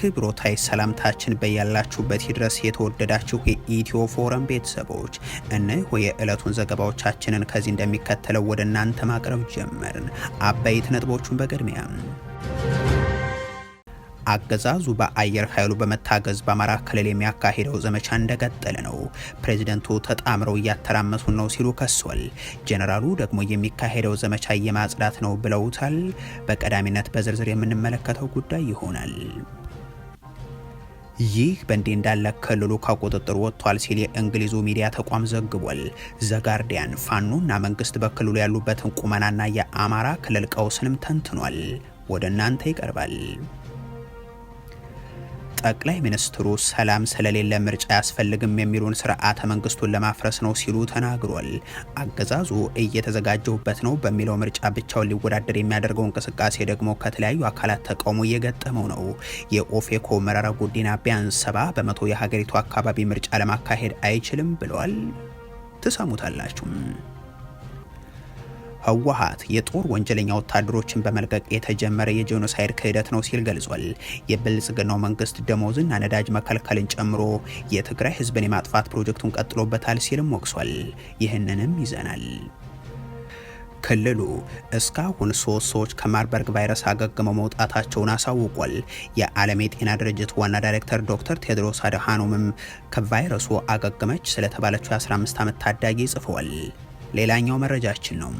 አክብሮታዊ ሰላምታችን በያላችሁበት ይድረስ። የተወደዳችሁ የኢትዮ ፎረም ቤተሰቦች እነሆ የዕለቱን ዘገባዎቻችንን ከዚህ እንደሚከተለው ወደ እናንተ ማቅረብ ጀመርን። አበይት ነጥቦቹን በቅድሚያ አገዛዙ በአየር ኃይሉ በመታገዝ በአማራ ክልል የሚያካሂደው ዘመቻ እንደቀጠለ ነው። ፕሬዚደንቱ ተጣምረው እያተራመሱን ነው ሲሉ ከሷል። ጄኔራሉ ደግሞ የሚካሄደው ዘመቻ የማጽዳት ነው ብለውታል። በቀዳሚነት በዝርዝር የምንመለከተው ጉዳይ ይሆናል። ይህ በእንዲህ እንዳለ ክልሉ ከቁጥጥር ወጥቷል ሲል የእንግሊዙ ሚዲያ ተቋም ዘግቧል። ዘጋርዲያን ፋኖና መንግስት በክልሉ ያሉበትን ቁመናና የአማራ ክልል ቀውስንም ተንትኗል። ወደ እናንተ ይቀርባል። ጠቅላይ ሚኒስትሩ ሰላም ስለሌለ ምርጫ አያስፈልግም የሚሉን ስርዓተ መንግስቱን ለማፍረስ ነው ሲሉ ተናግሯል። አገዛዙ እየተዘጋጀሁበት ነው በሚለው ምርጫ ብቻውን ሊወዳደር የሚያደርገው እንቅስቃሴ ደግሞ ከተለያዩ አካላት ተቃውሞ እየገጠመው ነው። የኦፌኮ መረራ ጉዲና ቢያንስ ሰባ በመቶ የሀገሪቱ አካባቢ ምርጫ ለማካሄድ አይችልም ብለዋል። ትሰሙታላችሁ። ህወሓት የጦር ወንጀለኛ ወታደሮችን በመልቀቅ የተጀመረ የጄኖሳይድ ክህደት ነው ሲል ገልጿል። የብልጽግናው መንግስት ደሞዝና ነዳጅ መከልከልን ጨምሮ የትግራይ ህዝብን የማጥፋት ፕሮጀክቱን ቀጥሎበታል ሲልም ወቅሷል። ይህንንም ይዘናል። ክልሉ እስካሁን ሶስት ሰዎች ከማርበርግ ቫይረስ አገግመው መውጣታቸውን አሳውቋል። የዓለም የጤና ድርጅት ዋና ዳይሬክተር ዶክተር ቴድሮስ አድሃኖምም ከቫይረሱ አገግመች ስለተባለችው የ15 ዓመት ታዳጊ ጽፈዋል። ሌላኛው መረጃችን ነው።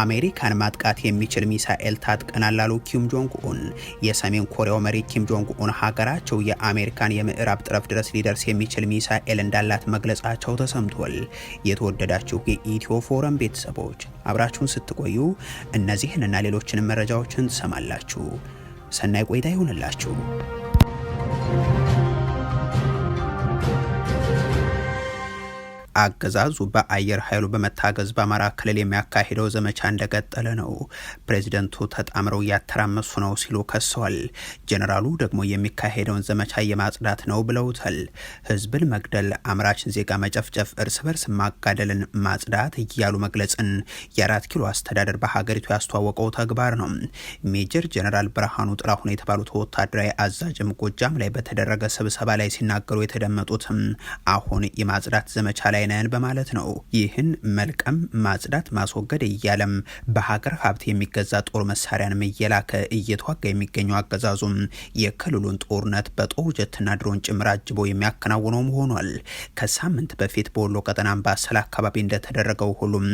አሜሪካን ማጥቃት የሚችል ሚሳኤል ታጥቀናል ላሉ ኪም ጆንግ ኡን የሰሜን ኮሪያው መሪ ኪም ጆንግ ኡን ሀገራቸው የአሜሪካን የምዕራብ ጥረፍ ድረስ ሊደርስ የሚችል ሚሳኤል እንዳላት መግለጻቸው ተሰምቷል። የተወደዳችሁ የኢትዮ ፎረም ቤተሰቦች አብራችሁን ስትቆዩ እነዚህን እና ሌሎችንም መረጃዎችን ትሰማላችሁ። ሰናይ ቆይታ ይሁንላችሁ። አገዛዙ በአየር ኃይሉ በመታገዝ በአማራ ክልል የሚያካሂደው ዘመቻ እንደቀጠለ ነው። ፕሬዚደንቱ ተጣምረው እያተራመሱ ነው ሲሉ ከሰዋል። ጀኔራሉ ደግሞ የሚካሄደውን ዘመቻ የማጽዳት ነው ብለውታል። ህዝብን መግደል፣ አምራችን ዜጋ መጨፍጨፍ፣ እርስ በርስ ማጋደልን ማጽዳት እያሉ መግለጽን የአራት ኪሎ አስተዳደር በሀገሪቱ ያስተዋወቀው ተግባር ነው። ሜጀር ጀኔራል ብርሃኑ ጥላሁን የተባሉት ወታደራዊ አዛዥም ጎጃም ላይ በተደረገ ስብሰባ ላይ ሲናገሩ የተደመጡትም አሁን የማጽዳት ዘመቻ ላይ ላይ ነን በማለት ነው። ይህን መልቀም፣ ማጽዳት፣ ማስወገድ እያለም በሀገር ሀብት የሚገዛ ጦር መሳሪያንም እየላከ እየተዋጋ የሚገኘው አገዛዙም የክልሉን ጦርነት በጦር ጀትና ድሮን ጭምር አጅቦ የሚያከናውነውም ሆኗል። ከሳምንት በፊት በወሎ ቀጠና አምባሰል አካባቢ እንደተደረገው ሁሉም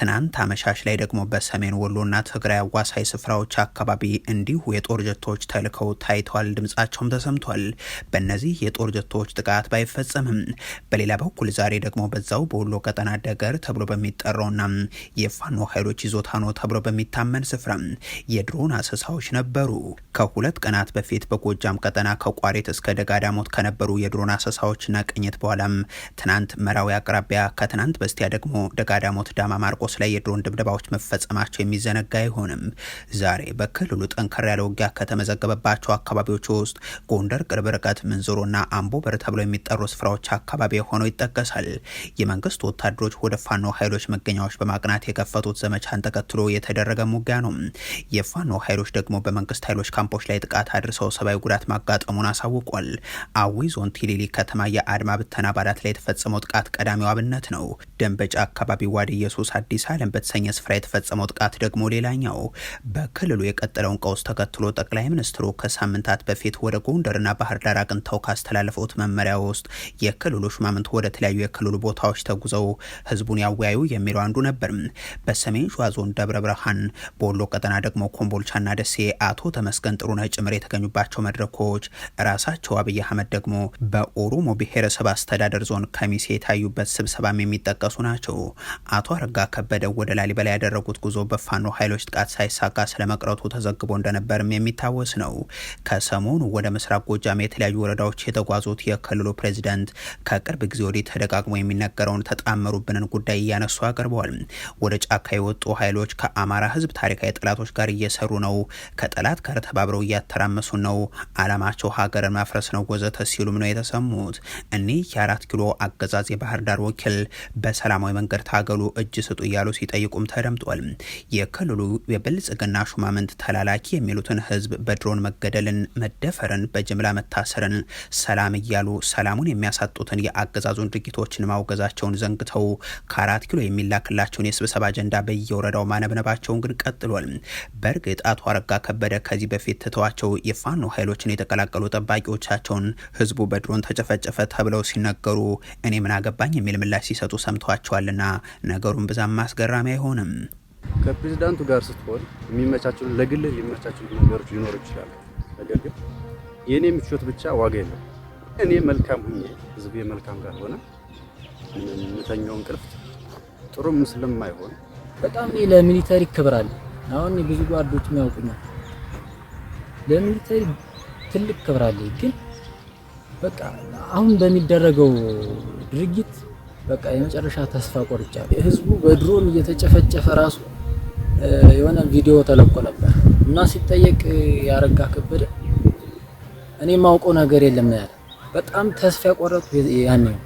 ትናንት አመሻሽ ላይ ደግሞ በሰሜን ወሎና ትግራይ አዋሳኝ ስፍራዎች አካባቢ እንዲሁ የጦር ጀቶች ተልከው ታይተዋል። ድምጻቸውም ተሰምቷል። በእነዚህ የጦር ጀቶች ጥቃት ባይፈጸምም በሌላ በኩል ዛሬ ደግሞ በዛው በወሎ ቀጠና ደገር ተብሎ በሚጠራውና የፋኖ ኃይሎች ይዞታ ነው ተብሎ በሚታመን ስፍራ የድሮን አሰሳዎች ነበሩ። ከሁለት ቀናት በፊት በጎጃም ቀጠና ከቋሪት እስከ ደጋዳሞት ከነበሩ የድሮን አሰሳዎችና ቅኝት በኋላም ትናንት መራዊ አቅራቢያ፣ ከትናንት በስቲያ ደግሞ ደጋዳሞት ዳማ ማርቆስ ላይ የድሮን ድብደባዎች መፈጸማቸው የሚዘነጋ አይሆንም። ዛሬ በክልሉ ጠንከር ያለ ውጊያ ከተመዘገበባቸው አካባቢዎች ውስጥ ጎንደር ቅርብ ርቀት ምንዝሮና አምቦ በር ተብሎ የሚጠሩ ስፍራዎች አካባቢ ሆነው ይጠቀሳል። የመንግስት ወታደሮች ወደ ፋኖ ኃይሎች መገኛዎች በማቅናት የከፈቱት ዘመቻን ተከትሎ የተደረገ ሙጊያ ነው። የፋኖ ኃይሎች ደግሞ በመንግስት ኃይሎች ካምፖች ላይ ጥቃት አድርሰው ሰብአዊ ጉዳት ማጋጠሙን አሳውቋል። አዊ ዞን ቲሊሊ ከተማ የአድማ ብተና አባላት ላይ የተፈጸመው ጥቃት ቀዳሚው አብነት ነው። ደንበጫ አካባቢ ዋድ ኢየሱስ አዲስ አለም በተሰኘ ስፍራ የተፈጸመው ጥቃት ደግሞ ሌላኛው። በክልሉ የቀጠለውን ቀውስ ተከትሎ ጠቅላይ ሚኒስትሩ ከሳምንታት በፊት ወደ ጎንደርና ባህር ዳር አቅንተው ካስተላለፉት መመሪያ ውስጥ የክልሉ ሹማምንት ወደ ተለያዩ የክልሉ ቦታ ቦታዎች ተጉዘው ህዝቡን ያወያዩ የሚለው አንዱ ነበር። በሰሜን ሸዋ ዞን ደብረ ብርሃን፣ በወሎ ቀጠና ደግሞ ኮምቦልቻና ደሴ አቶ ተመስገን ጥሩነህ ጭምር የተገኙባቸው መድረኮች ራሳቸው አብይ አህመድ ደግሞ በኦሮሞ ብሔረሰብ አስተዳደር ዞን ከሚሴ የታዩበት ስብሰባም የሚጠቀሱ ናቸው። አቶ አረጋ ከበደ ወደ ላሊበላ ያደረጉት ጉዞ በፋኖ ኃይሎች ጥቃት ሳይሳካ ስለመቅረቱ ተዘግቦ እንደነበርም የሚታወስ ነው። ከሰሞኑ ወደ ምስራቅ ጎጃም የተለያዩ ወረዳዎች የተጓዙት የክልሉ ፕሬዚደንት ከቅርብ ጊዜ ወዲህ ተደጋግሞ የሚነ የሚነገረውን ተጣመሩብንን ጉዳይ እያነሱ አቅርበዋል። ወደ ጫካ የወጡ ኃይሎች ከአማራ ህዝብ ታሪካዊ ጠላቶች ጋር እየሰሩ ነው፣ ከጠላት ጋር ተባብረው እያተራመሱ ነው፣ አላማቸው ሀገርን ማፍረስ ነው ወዘተ ሲሉም ነው የተሰሙት። እኒህ የአራት ኪሎ አገዛዝ የባህር ዳር ወኪል በሰላማዊ መንገድ ታገሉ፣ እጅ ስጡ እያሉ ሲጠይቁም ተደምጧል። የክልሉ የብልጽግና ሹማምንት ተላላኪ የሚሉትን ህዝብ በድሮን መገደልን፣ መደፈርን፣ በጅምላ መታሰርን ሰላም እያሉ ሰላሙን የሚያሳጡትን የአገዛዙን ድርጊቶችን ማውገዝ መጋበዛቸውን ዘንግተው ከአራት ኪሎ የሚላክላቸውን የስብሰባ አጀንዳ በየወረዳው ማነብነባቸውን ግን ቀጥሏል። በእርግጥ አቶ አረጋ ከበደ ከዚህ በፊት ትተዋቸው የፋኖ ኃይሎችን የተቀላቀሉ ጠባቂዎቻቸውን ህዝቡ በድሮን ተጨፈጨፈ ተብለው ሲነገሩ እኔ ምን አገባኝ የሚል ምላሽ ሲሰጡ ሰምተዋቸዋልና ነገሩን ብዛም አስገራሚ አይሆንም። ከፕሬዚዳንቱ ጋር ስትሆን የሚመቻቸው ለግል የሚመቻቸው ነገሮች ሊኖሩ ይችላል። ነገር ግን የእኔ ምቾት ብቻ ዋጋ የለም። እኔ መልካም ሁኜ ህዝብ መልካም ጋር ሆነ የምተኛው እንቅልፍ ምስልም አይሆን። በጣም ለሚሊተሪ ክብር አለ። አሁን ብዙ ጓዶች ያውቁኛል። ለሚሊተሪ ትልቅ ክብር አለ። ግን በቃ አሁን በሚደረገው ድርጊት በቃ የመጨረሻ ተስፋ ቆርጫለሁ። ህዝቡ በድሮን እየተጨፈጨፈ ራሱ የሆነ ቪዲዮ ተለቆ ነበር እና ሲጠየቅ ያረጋ ከበደ እኔ ማውቀው ነገር የለም ያለ በጣም ተስፋ ያቆረጡ ያኔ ነው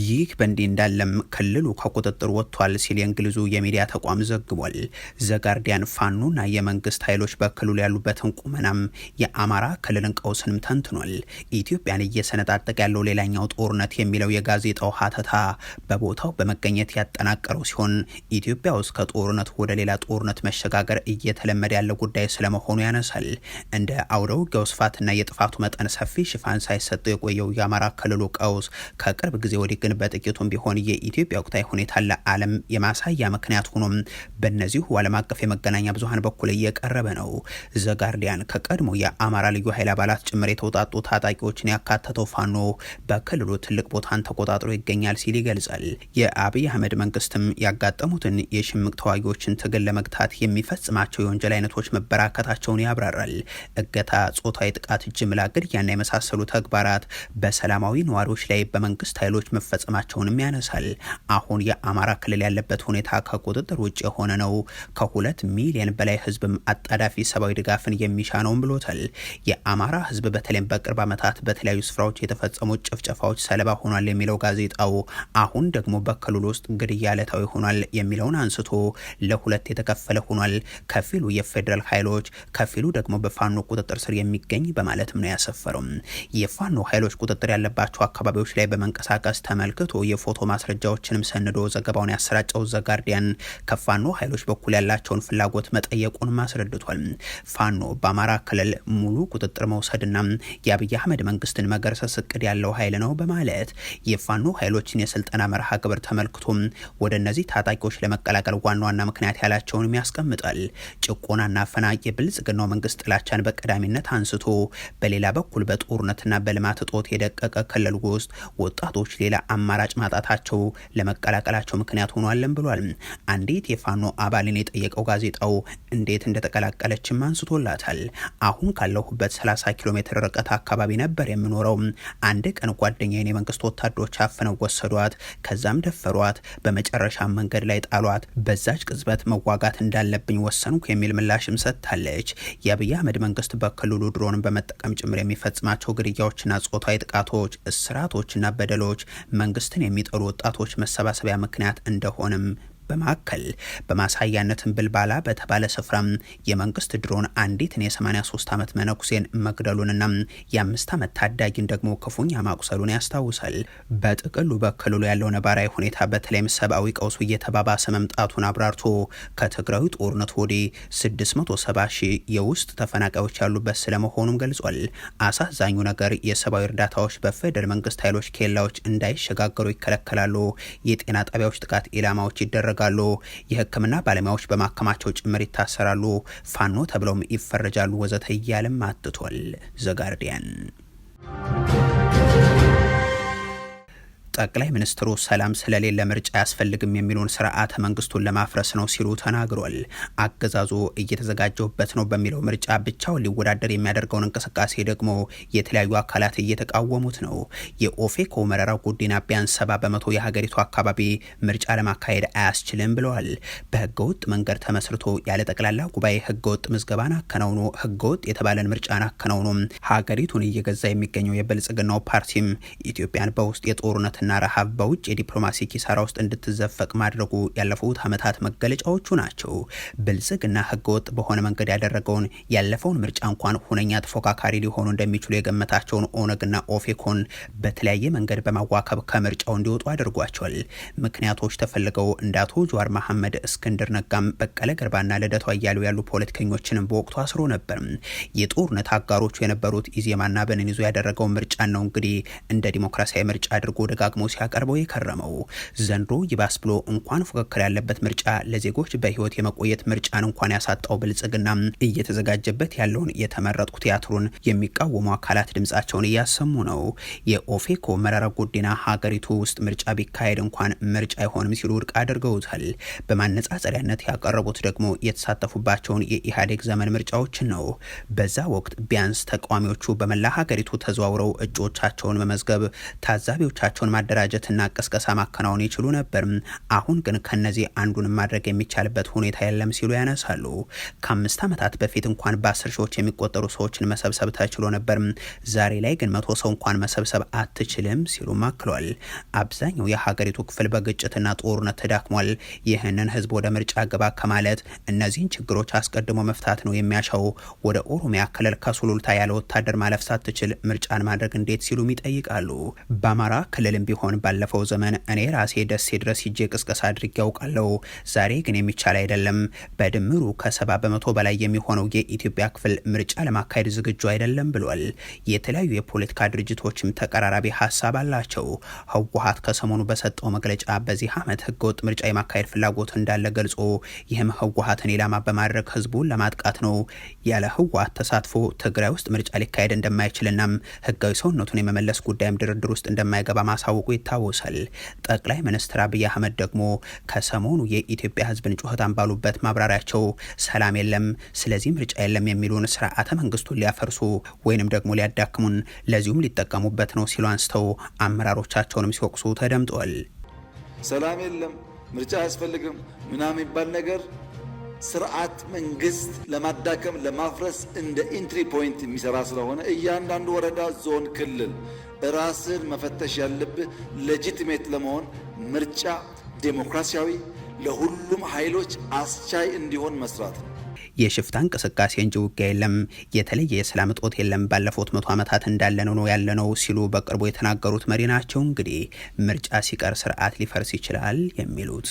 ይህ በእንዲህ እንዳለም ክልሉ ከቁጥጥር ወጥቷል ሲል የእንግሊዙ የሚዲያ ተቋም ዘግቧል። ዘጋርዲያን ፋኖና የመንግስት ኃይሎች በክልሉ ያሉበትን ቁመናም የአማራ ክልልን ቀውስንም ተንትኗል። ኢትዮጵያን እየሰነጣጠቅ ያለው ሌላኛው ጦርነት የሚለው የጋዜጣው ሀተታ በቦታው በመገኘት ያጠናቀረው ሲሆን ኢትዮጵያ ውስጥ ከጦርነት ወደ ሌላ ጦርነት መሸጋገር እየተለመደ ያለ ጉዳይ ስለመሆኑ ያነሳል። እንደ አውደ ውጊያው ስፋትና የጥፋቱ መጠን ሰፊ ሽፋን ሳይሰጠው የቆየው የአማራ ክልሉ ቀውስ ከቅርብ ጊዜ ወዲህ ግን በጥቂቱም ቢሆን የኢትዮጵያ ወቅታዊ ሁኔታ ለዓለም የማሳያ ምክንያት ሆኖም በእነዚሁ ዓለም አቀፍ የመገናኛ ብዙሀን በኩል እየቀረበ ነው። ዘጋርዲያን ከቀድሞ የአማራ ልዩ ኃይል አባላት ጭምር የተውጣጡ ታጣቂዎችን ያካተተው ፋኖ በክልሉ ትልቅ ቦታን ተቆጣጥሮ ይገኛል ሲል ይገልጻል። የአብይ አህመድ መንግስትም ያጋጠሙትን የሽምቅ ተዋጊዎችን ትግል ለመግታት የሚፈጽማቸው የወንጀል አይነቶች መበራከታቸውን ያብራራል። እገታ፣ ጾታዊ ጥቃት፣ ጅምላ ግድያና የመሳሰሉ ተግባራት በሰላማዊ ነዋሪዎች ላይ በመንግስት ኃይሎች መፈጸም መፈጸማቸውንም ያነሳል። አሁን የአማራ ክልል ያለበት ሁኔታ ከቁጥጥር ውጭ የሆነ ነው። ከሁለት ሚሊየን በላይ ህዝብም አጣዳፊ ሰብአዊ ድጋፍን የሚሻ ነውም ብሎታል። የአማራ ህዝብ በተለይም በቅርብ ዓመታት በተለያዩ ስፍራዎች የተፈጸሙ ጭፍጨፋዎች ሰለባ ሆኗል የሚለው ጋዜጣው አሁን ደግሞ በክልሉ ውስጥ ግድያ ዕለታዊ ሆኗል የሚለውን አንስቶ ለሁለት የተከፈለ ሆኗል። ከፊሉ የፌዴራል ኃይሎች ከፊሉ ደግሞ በፋኖ ቁጥጥር ስር የሚገኝ በማለትም ነው ያሰፈሩም። የፋኖ ኃይሎች ቁጥጥር ያለባቸው አካባቢዎች ላይ በመንቀሳቀስ ተመልክ አስመልክቶ የፎቶ ማስረጃዎችንም ሰንዶ ዘገባውን ያሰራጨው ዘጋርዲያን ከፋኖ ኃይሎች በኩል ያላቸውን ፍላጎት መጠየቁን አስረድቷል። ፋኖ በአማራ ክልል ሙሉ ቁጥጥር መውሰድና የአብይ አህመድ መንግስትን መገርሰስ እቅድ ያለው ኃይል ነው በማለት የፋኖ ኃይሎችን የስልጠና መርሃ ግብር ተመልክቶ ወደ እነዚህ ታጣቂዎች ለመቀላቀል ዋና ዋና ምክንያት ያላቸውንም ያስቀምጣል። ጭቆናና ፈና የብልጽግናው መንግስት ጥላቻን በቀዳሚነት አንስቶ በሌላ በኩል በጦርነትና በልማት እጦት የደቀቀ ክልል ውስጥ ወጣቶች ሌላ አማ አማራጭ ማጣታቸው ለመቀላቀላቸው ምክንያት ሆኗለን ብሏል። አንዲት የፋኖ አባልን የጠየቀው ጋዜጣው እንዴት እንደተቀላቀለችም አንስቶላታል። አሁን ካለሁበት 30 ኪሎ ሜትር ርቀት አካባቢ ነበር የምኖረው። አንድ ቀን ጓደኛዬን የመንግስት ወታደሮች አፍነው ወሰዷት፣ ከዛም ደፈሯት፣ በመጨረሻ መንገድ ላይ ጣሏት። በዛች ቅጽበት መዋጋት እንዳለብኝ ወሰንኩ የሚል ምላሽም ሰጥታለች። የአብይ አህመድ መንግስት በክልሉ ድሮንን በመጠቀም ጭምር የሚፈጽማቸው ግድያዎችና ጾታዊ ጥቃቶች፣ እስራቶችና በደሎች መንግስትን የሚጠሉ ወጣቶች መሰባሰቢያ ምክንያት እንደሆነም በማዕከል በማሳያነት ብልባላ በተባለ ስፍራ የመንግስት ድሮን አንዲትን የ83 ዓመት መነኩሴን መግደሉንና የአምስት ዓመት ታዳጊን ደግሞ ክፉኛ ማቁሰሉን ያስታውሳል። በጥቅሉ በክልሉ ያለው ነባራዊ ሁኔታ በተለይም ሰብአዊ ቀውሱ እየተባባሰ መምጣቱን አብራርቶ ከትግራዊ ጦርነት ወዲህ 670 ሺህ የውስጥ ተፈናቃዮች ያሉበት ስለመሆኑም ገልጿል። አሳዛኙ ነገር የሰብአዊ እርዳታዎች በፌደራል መንግስት ኃይሎች ኬላዎች እንዳይሸጋገሩ ይከለከላሉ። የጤና ጣቢያዎች ጥቃት ኢላማዎች ይደረጋሉ ይዳረጋሉ። የህክምና ባለሙያዎች በማከማቸው ጭምር ይታሰራሉ፣ ፋኖ ተብለውም ይፈረጃሉ፣ ወዘተ እያለም አትቷል ዘጋርዲያን። ጠቅላይ ሚኒስትሩ ሰላም ስለሌለ ምርጫ አያስፈልግም የሚለውን ስርዓተ መንግስቱን ለማፍረስ ነው ሲሉ ተናግሯል። አገዛዙ እየተዘጋጀበት ነው በሚለው ምርጫ ብቻውን ሊወዳደር የሚያደርገውን እንቅስቃሴ ደግሞ የተለያዩ አካላት እየተቃወሙት ነው። የኦፌኮ መረራ ጉዲና ቢያንስ ሰባ በመቶ የሀገሪቱ አካባቢ ምርጫ ለማካሄድ አያስችልም ብለዋል። በህገወጥ መንገድ ተመስርቶ ያለ ጠቅላላ ጉባኤ ህገወጥ ምዝገባን አከናውኖ ህገወጥ የተባለን ምርጫን አከናውኖ ሀገሪቱን እየገዛ የሚገኘው የብልጽግናው ፓርቲም ኢትዮጵያን በውስጥ የጦርነት ጦርነትና ረሃብ በውጭ የዲፕሎማሲ ኪሳራ ውስጥ እንድትዘፈቅ ማድረጉ ያለፉት ዓመታት መገለጫዎቹ ናቸው። ብልጽግና ህገወጥ በሆነ መንገድ ያደረገውን ያለፈውን ምርጫ እንኳን ሁነኛ ተፎካካሪ ሊሆኑ እንደሚችሉ የገመታቸውን ኦነግና ኦፌኮን በተለያየ መንገድ በማዋከብ ከምርጫው እንዲወጡ አድርጓቸዋል። ምክንያቶች ተፈልገው እንደ አቶ ጀዋር መሐመድ፣ እስክንድር ነጋም፣ በቀለ ገርባና ልደቱ አያሉ ያሉ ፖለቲከኞችንም በወቅቱ አስሮ ነበር። የጦርነት አጋሮቹ የነበሩት ኢዜማና አብንን ይዞ ያደረገው ምርጫ ነው እንግዲህ እንደ ዲሞክራሲያዊ ምርጫ አድርጎ ደጋ ደጋግሞ ሲያቀርበው የከረመው ዘንድሮ ይባስ ብሎ እንኳን ፉክክር ያለበት ምርጫ ለዜጎች በህይወት የመቆየት ምርጫን እንኳን ያሳጣው ብልጽግና እየተዘጋጀበት ያለውን የተመረጥኩ ቲያትሩን የሚቃወሙ አካላት ድምጻቸውን እያሰሙ ነው። የኦፌኮ መረራ ጉዲና ሀገሪቱ ውስጥ ምርጫ ቢካሄድ እንኳን ምርጫ አይሆንም ሲሉ ውድቅ አድርገውታል። በማነጻጸሪያነት ያቀረቡት ደግሞ የተሳተፉባቸውን የኢህአዴግ ዘመን ምርጫዎችን ነው። በዛ ወቅት ቢያንስ ተቃዋሚዎቹ በመላ ሀገሪቱ ተዘዋውረው እጩዎቻቸውን መመዝገብ ታዛቢዎቻቸውን ማደራጀትና ቅስቀሳ ማከናወን ይችሉ ነበር። አሁን ግን ከነዚህ አንዱን ማድረግ የሚቻልበት ሁኔታ የለም ሲሉ ያነሳሉ። ከአምስት ዓመታት በፊት እንኳን በአስር ሺዎች የሚቆጠሩ ሰዎችን መሰብሰብ ተችሎ ነበር። ዛሬ ላይ ግን መቶ ሰው እንኳን መሰብሰብ አትችልም ሲሉ አክሏል። አብዛኛው የሀገሪቱ ክፍል በግጭትና ጦርነት ተዳክሟል። ይህንን ህዝብ ወደ ምርጫ ግባ ከማለት እነዚህን ችግሮች አስቀድሞ መፍታት ነው የሚያሻው። ወደ ኦሮሚያ ክልል ከሱሉልታ ያለ ወታደር ማለፍ ሳትችል ምርጫን ማድረግ እንዴት ሲሉም ይጠይቃሉ። በአማራ ክልልም ቢሆን ባለፈው ዘመን እኔ ራሴ ደሴ ድረስ ሂጄ ቅስቀሳ አድርጌ ያውቃለሁ። ዛሬ ግን የሚቻል አይደለም። በድምሩ ከሰባ በመቶ በላይ የሚሆነው የኢትዮጵያ ክፍል ምርጫ ለማካሄድ ዝግጁ አይደለም ብሏል። የተለያዩ የፖለቲካ ድርጅቶችም ተቀራራቢ ሀሳብ አላቸው። ህወሀት ከሰሞኑ በሰጠው መግለጫ በዚህ ዓመት ህገወጥ ምርጫ የማካሄድ ፍላጎት እንዳለ ገልጾ ይህም ህወሀትን ኢላማ በማድረግ ህዝቡን ለማጥቃት ነው። ያለ ህወሀት ተሳትፎ ትግራይ ውስጥ ምርጫ ሊካሄድ እንደማይችልና ህጋዊ ሰውነቱን የመመለስ ጉዳይም ድርድር ውስጥ እንደማይገባ ማሳወቅ ማስታወቁ ይታወሳል። ጠቅላይ ሚኒስትር አብይ አህመድ ደግሞ ከሰሞኑ የኢትዮጵያ ህዝብ ጩኸት ባሉበት ማብራሪያቸው ሰላም የለም፣ ስለዚህ ምርጫ የለም የሚሉን ስርዓተ መንግስቱን ሊያፈርሱ ወይንም ደግሞ ሊያዳክሙን ለዚሁም ሊጠቀሙበት ነው ሲሉ አንስተው አመራሮቻቸውንም ሲወቅሱ ተደምጧል። ሰላም የለም፣ ምርጫ አያስፈልግም ምናምን የሚባል ነገር ስርዓት መንግስት ለማዳከም ለማፍረስ እንደ ኢንትሪ ፖይንት የሚሰራ ስለሆነ እያንዳንዱ ወረዳ፣ ዞን፣ ክልል ራስን መፈተሽ ያለብህ ሌጂቲሜት ለመሆን ምርጫ ዴሞክራሲያዊ ለሁሉም ኃይሎች አስቻይ እንዲሆን መስራት ነው። የሽፍታ እንቅስቃሴ እንጂ ውጊያ የለም፣ የተለየ የሰላም እጦት የለም፣ ባለፉት መቶ ዓመታት እንዳለ ነው ነው ሲሉ በቅርቡ የተናገሩት መሪ ናቸው። እንግዲህ ምርጫ ሲቀር ስርዓት ሊፈርስ ይችላል የሚሉት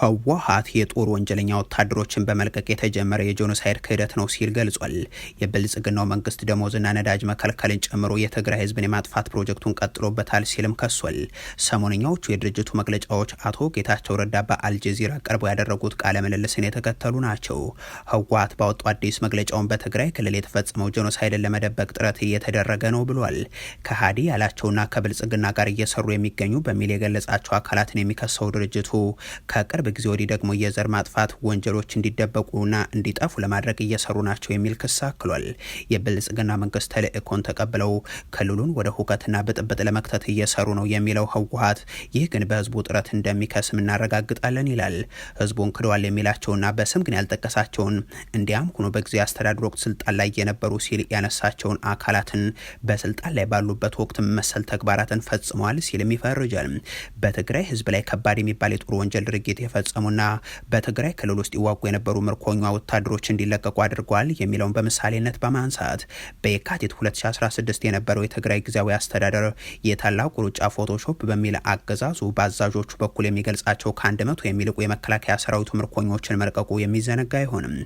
ህወሓት የጦር ወንጀለኛ ወታደሮችን በመልቀቅ የተጀመረ የጄኖሳይድ ክህደት ነው ሲል ገልጿል። የብልጽግናው መንግስት ደሞዝና ነዳጅ መከልከልን ጨምሮ የትግራይ ህዝብን የማጥፋት ፕሮጀክቱን ቀጥሎበታል ሲልም ከሷል። ሰሞነኛዎቹ የድርጅቱ መግለጫዎች አቶ ጌታቸው ረዳ በአልጀዚራ ቀርበው ያደረጉት ቃለ ምልልስን የተከተሉ ናቸው። ህወሓት ባወጡ አዲስ መግለጫውን በትግራይ ክልል የተፈጸመው ጄኖሳይድን ለመደበቅ ጥረት እየተደረገ ነው ብሏል። ከሃዲ ያላቸውና ከብልጽግና ጋር እየሰሩ የሚገኙ በሚል የገለጻቸው አካላትን የሚከሰው ድርጅቱ ከቅርብ ከቅርብ ጊዜ ወዲህ ደግሞ የዘር ማጥፋት ወንጀሎች እንዲደበቁና እንዲጠፉ ለማድረግ እየሰሩ ናቸው የሚል ክስ አክሏል። የብልጽግና መንግስት ተልእኮን ተቀብለው ክልሉን ወደ ሁከትና ብጥብጥ ለመክተት እየሰሩ ነው የሚለው ህወሀት ይህ ግን በህዝቡ ጥረት እንደሚከስም እናረጋግጣለን ይላል። ህዝቡን ክደዋል የሚላቸውና በስም ግን ያልጠቀሳቸውን እንዲያም ሆኖ በጊዜ አስተዳደር ወቅት ስልጣን ላይ የነበሩ ሲል ያነሳቸውን አካላትን በስልጣን ላይ ባሉበት ወቅት መሰል ተግባራትን ፈጽመዋል ሲልም ይፈርጃል። በትግራይ ህዝብ ላይ ከባድ የሚባል የጦር ወንጀል ድርጊት እንዲፈጸሙና በትግራይ ክልል ውስጥ ይዋጉ የነበሩ ምርኮኛ ወታደሮች እንዲለቀቁ አድርጓል የሚለውን በምሳሌነት በማንሳት በየካቲት 2016 የነበረው የትግራይ ጊዜያዊ አስተዳደር የታላቁ ሩጫ ፎቶሾፕ በሚል አገዛዙ በአዛዦቹ በኩል የሚገልጻቸው ከአንድ መቶ የሚልቁ የመከላከያ ሰራዊቱ ምርኮኞችን መልቀቁ የሚዘነጋ አይሆንም።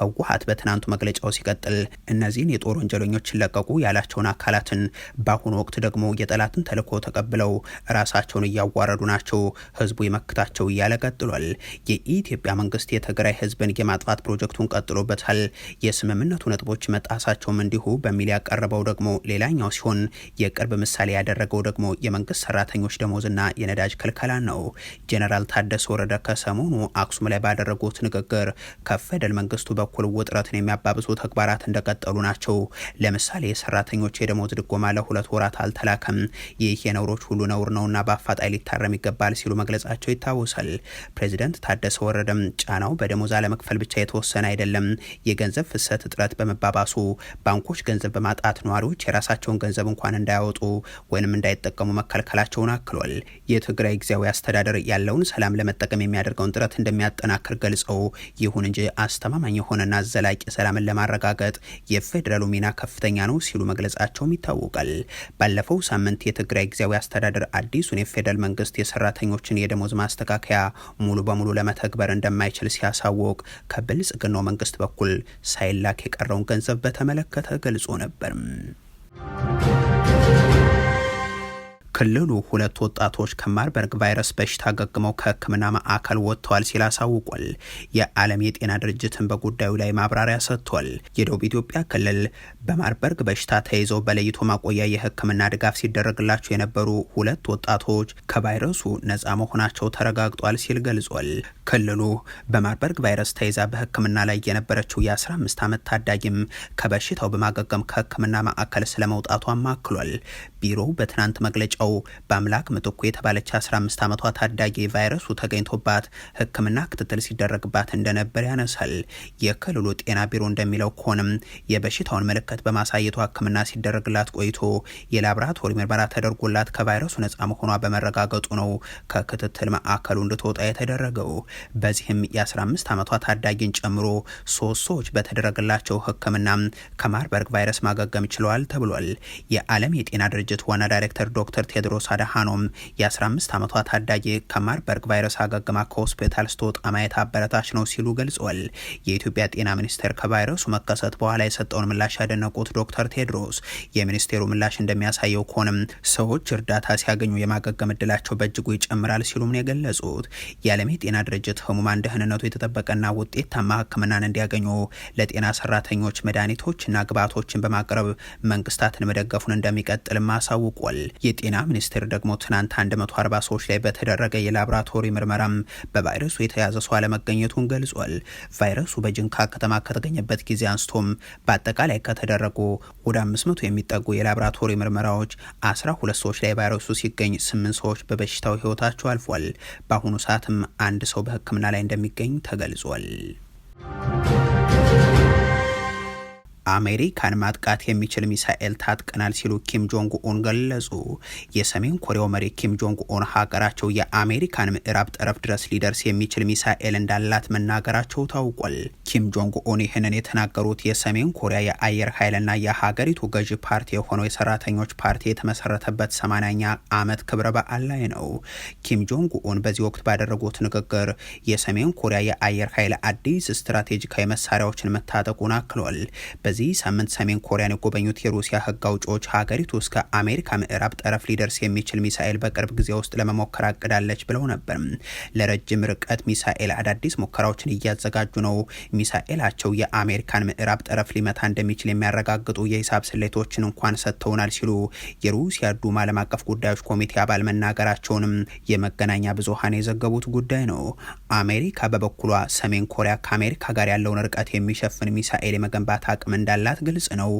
ህወሀት በትናንቱ መግለጫው ሲቀጥል እነዚህን የጦር ወንጀለኞች ለቀቁ ያላቸውን አካላትን በአሁኑ ወቅት ደግሞ የጠላትን ተልኮ ተቀብለው ራሳቸውን እያዋረዱ ናቸው፣ ህዝቡ ይመክታቸው እያለ ቀጥሏል። ተናግረዋል። የኢትዮጵያ መንግስት የትግራይ ህዝብን የማጥፋት ፕሮጀክቱን ቀጥሎበታል። የስምምነቱ ነጥቦች መጣሳቸውም እንዲሁ በሚል ያቀረበው ደግሞ ሌላኛው ሲሆን የቅርብ ምሳሌ ያደረገው ደግሞ የመንግስት ሰራተኞች ደሞዝና የነዳጅ ክልከላ ነው። ጄኔራል ታደሰ ወረደ ከሰሞኑ አክሱም ላይ ባደረጉት ንግግር ከፌደራል መንግስቱ በኩል ውጥረትን የሚያባብሱ ተግባራት እንደቀጠሉ ናቸው። ለምሳሌ ሰራተኞች የደሞዝ ድጎማ ለሁለት ወራት አልተላከም። ይህ የነውሮች ሁሉ ነውር ነውና በአፋጣኝ ሊታረም ይገባል ሲሉ መግለጻቸው ይታወሳል። ፕሬዚደንት ታደሰ ወረደም ጫናው በደሞዝ አለመክፈል ብቻ የተወሰነ አይደለም፣ የገንዘብ ፍሰት እጥረት በመባባሱ ባንኮች ገንዘብ በማጣት ነዋሪዎች የራሳቸውን ገንዘብ እንኳን እንዳያወጡ ወይንም እንዳይጠቀሙ መከልከላቸውን አክሏል። የትግራይ ጊዜያዊ አስተዳደር ያለውን ሰላም ለመጠቀም የሚያደርገውን ጥረት እንደሚያጠናክር ገልጸው፣ ይሁን እንጂ አስተማማኝ የሆነና ዘላቂ ሰላምን ለማረጋገጥ የፌዴራሉ ሚና ከፍተኛ ነው ሲሉ መግለጻቸውም ይታወቃል። ባለፈው ሳምንት የትግራይ ጊዜያዊ አስተዳደር አዲሱን የፌዴራል መንግስት የሰራተኞችን የደሞዝ ማስተካከያ ሙሉ ሙሉ በሙሉ ለመተግበር እንደማይችል ሲያሳውቅ ከብልጽግናው መንግስት በኩል ሳይላክ የቀረውን ገንዘብ በተመለከተ ገልጾ ነበር። ክልሉ ሁለት ወጣቶች ከማርበርግ ቫይረስ በሽታ ገግመው ከሕክምና ማዕከል ወጥተዋል ሲል አሳውቋል። የዓለም የጤና ድርጅትን በጉዳዩ ላይ ማብራሪያ ሰጥቷል። የደቡብ ኢትዮጵያ ክልል በማርበርግ በሽታ ተይዘው በለይቶ ማቆያ የሕክምና ድጋፍ ሲደረግላቸው የነበሩ ሁለት ወጣቶች ከቫይረሱ ነፃ መሆናቸው ተረጋግጧል ሲል ገልጿል። ክልሉ በማርበርግ ቫይረስ ተይዛ በሕክምና ላይ የነበረችው የ15 ዓመት ታዳጊም ከበሽታው በማገገም ከሕክምና ማዕከል ስለመውጣቱ አማክሏል። ቢሮው በትናንት መግለጫው በአምላክ ምትኩ የተባለች 15 ዓመቷ ታዳጊ ቫይረሱ ተገኝቶባት ሕክምና ክትትል ሲደረግባት እንደነበር ያነሳል። የክልሉ ጤና ቢሮ እንደሚለው ከሆንም የበሽታውን ምልክት በማሳየቱ ሕክምና ሲደረግላት ቆይቶ የላብራቶሪ ምርመራ ተደርጎላት ከቫይረሱ ነፃ መሆኗ በመረጋገጡ ነው ከክትትል ማዕከሉ እንድትወጣ የተደረገው። በዚህም የ15 ዓመቷ ታዳጊን ጨምሮ ሶስት ሰዎች በተደረገላቸው ሕክምና ከማርበርግ ቫይረስ ማገገም ችለዋል ተብሏል። የዓለም የጤና ድርጅት ድርጅት ዋና ዳይሬክተር ዶክተር ቴድሮስ አድሃኖም የ15 ዓመቷ ታዳጊ ከማርበርግ ቫይረስ አገግማ ከሆስፒታል ስትወጣ ማየት አበረታች ነው ሲሉ ገልጿል። የኢትዮጵያ ጤና ሚኒስቴር ከቫይረሱ መከሰት በኋላ የሰጠውን ምላሽ ያደነቁት ዶክተር ቴድሮስ የሚኒስቴሩ ምላሽ እንደሚያሳየው ከሆንም ሰዎች እርዳታ ሲያገኙ የማገገም እድላቸው በእጅጉ ይጨምራል ሲሉም ነው የገለጹት። የዓለም የጤና ድርጅት ህሙማን ደህንነቱ የተጠበቀና ውጤታማ ህክምናን እንዲያገኙ ለጤና ሰራተኞች መድኃኒቶችና ግብዓቶችን በማቅረብ መንግስታትን መደገፉን እንደሚቀጥልም አሳውቋል። የጤና ሚኒስቴር ደግሞ ትናንት 140 ሰዎች ላይ በተደረገ የላብራቶሪ ምርመራም በቫይረሱ የተያዘ ሰው አለመገኘቱን ገልጿል። ቫይረሱ በጅንካ ከተማ ከተገኘበት ጊዜ አንስቶም በአጠቃላይ ከተደረጉ ወደ 500 የሚጠጉ የላብራቶሪ ምርመራዎች 12 ሰዎች ላይ ቫይረሱ ሲገኝ፣ 8 ሰዎች በበሽታው ህይወታቸው አልፏል። በአሁኑ ሰዓትም አንድ ሰው በሕክምና ላይ እንደሚገኝ ተገልጿል። አሜሪካን ማጥቃት የሚችል ሚሳኤል ታጥቀናል ሲሉ ኪም ጆንግ ኡን ገለጹ። የሰሜን ኮሪያው መሪ ኪም ጆንግ ኡን ሀገራቸው የአሜሪካን ምዕራብ ጠረፍ ድረስ ሊደርስ የሚችል ሚሳኤል እንዳላት መናገራቸው ታውቋል። ኪም ጆንግ ኡን ይህንን የተናገሩት የሰሜን ኮሪያ የአየር ኃይልና የሀገሪቱ ገዢ ፓርቲ የሆነው የሰራተኞች ፓርቲ የተመሰረተበት ሰማንያኛ ዓመት ክብረ በዓል ላይ ነው። ኪም ጆንግ ኡን በዚህ ወቅት ባደረጉት ንግግር የሰሜን ኮሪያ የአየር ኃይል አዲስ ስትራቴጂካዊ መሳሪያዎችን መታጠቁን አክሏል። በዚህ ሳምንት ሰሜን ኮሪያን የጎበኙት የሩሲያ ህግ አውጪዎች ሀገሪቱ እስከ አሜሪካ ምዕራብ ጠረፍ ሊደርስ የሚችል ሚሳኤል በቅርብ ጊዜ ውስጥ ለመሞከር አቅዳለች ብለው ነበር። ለረጅም ርቀት ሚሳኤል አዳዲስ ሙከራዎችን እያዘጋጁ ነው። ሚሳኤላቸው የአሜሪካን ምዕራብ ጠረፍ ሊመታ እንደሚችል የሚያረጋግጡ የሂሳብ ስሌቶችን እንኳን ሰጥተውናል ሲሉ የሩሲያ ዱማ ዓለም አቀፍ ጉዳዮች ኮሚቴ አባል መናገራቸውንም የመገናኛ ብዙሀን የዘገቡት ጉዳይ ነው። አሜሪካ በበኩሏ ሰሜን ኮሪያ ከአሜሪካ ጋር ያለውን ርቀት የሚሸፍን ሚሳኤል የመገንባት አቅም እንዳላት ግልጽ ነው።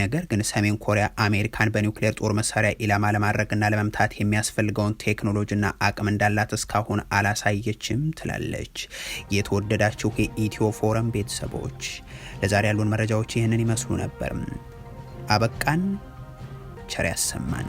ነገር ግን ሰሜን ኮሪያ አሜሪካን በኒውክሌር ጦር መሳሪያ ኢላማ ለማድረግና ለመምታት የሚያስፈልገውን ቴክኖሎጂና አቅም እንዳላት እስካሁን አላሳየችም ትላለች። የተወደዳችሁ የኢትዮ ፎረም ቤተሰቦች ለዛሬ ያሉን መረጃዎች ይህንን ይመስሉ ነበር። አበቃን። ቸር ያሰማን።